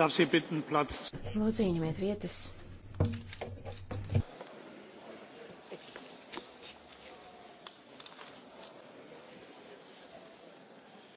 Lūdzu, ieņemiet vietas.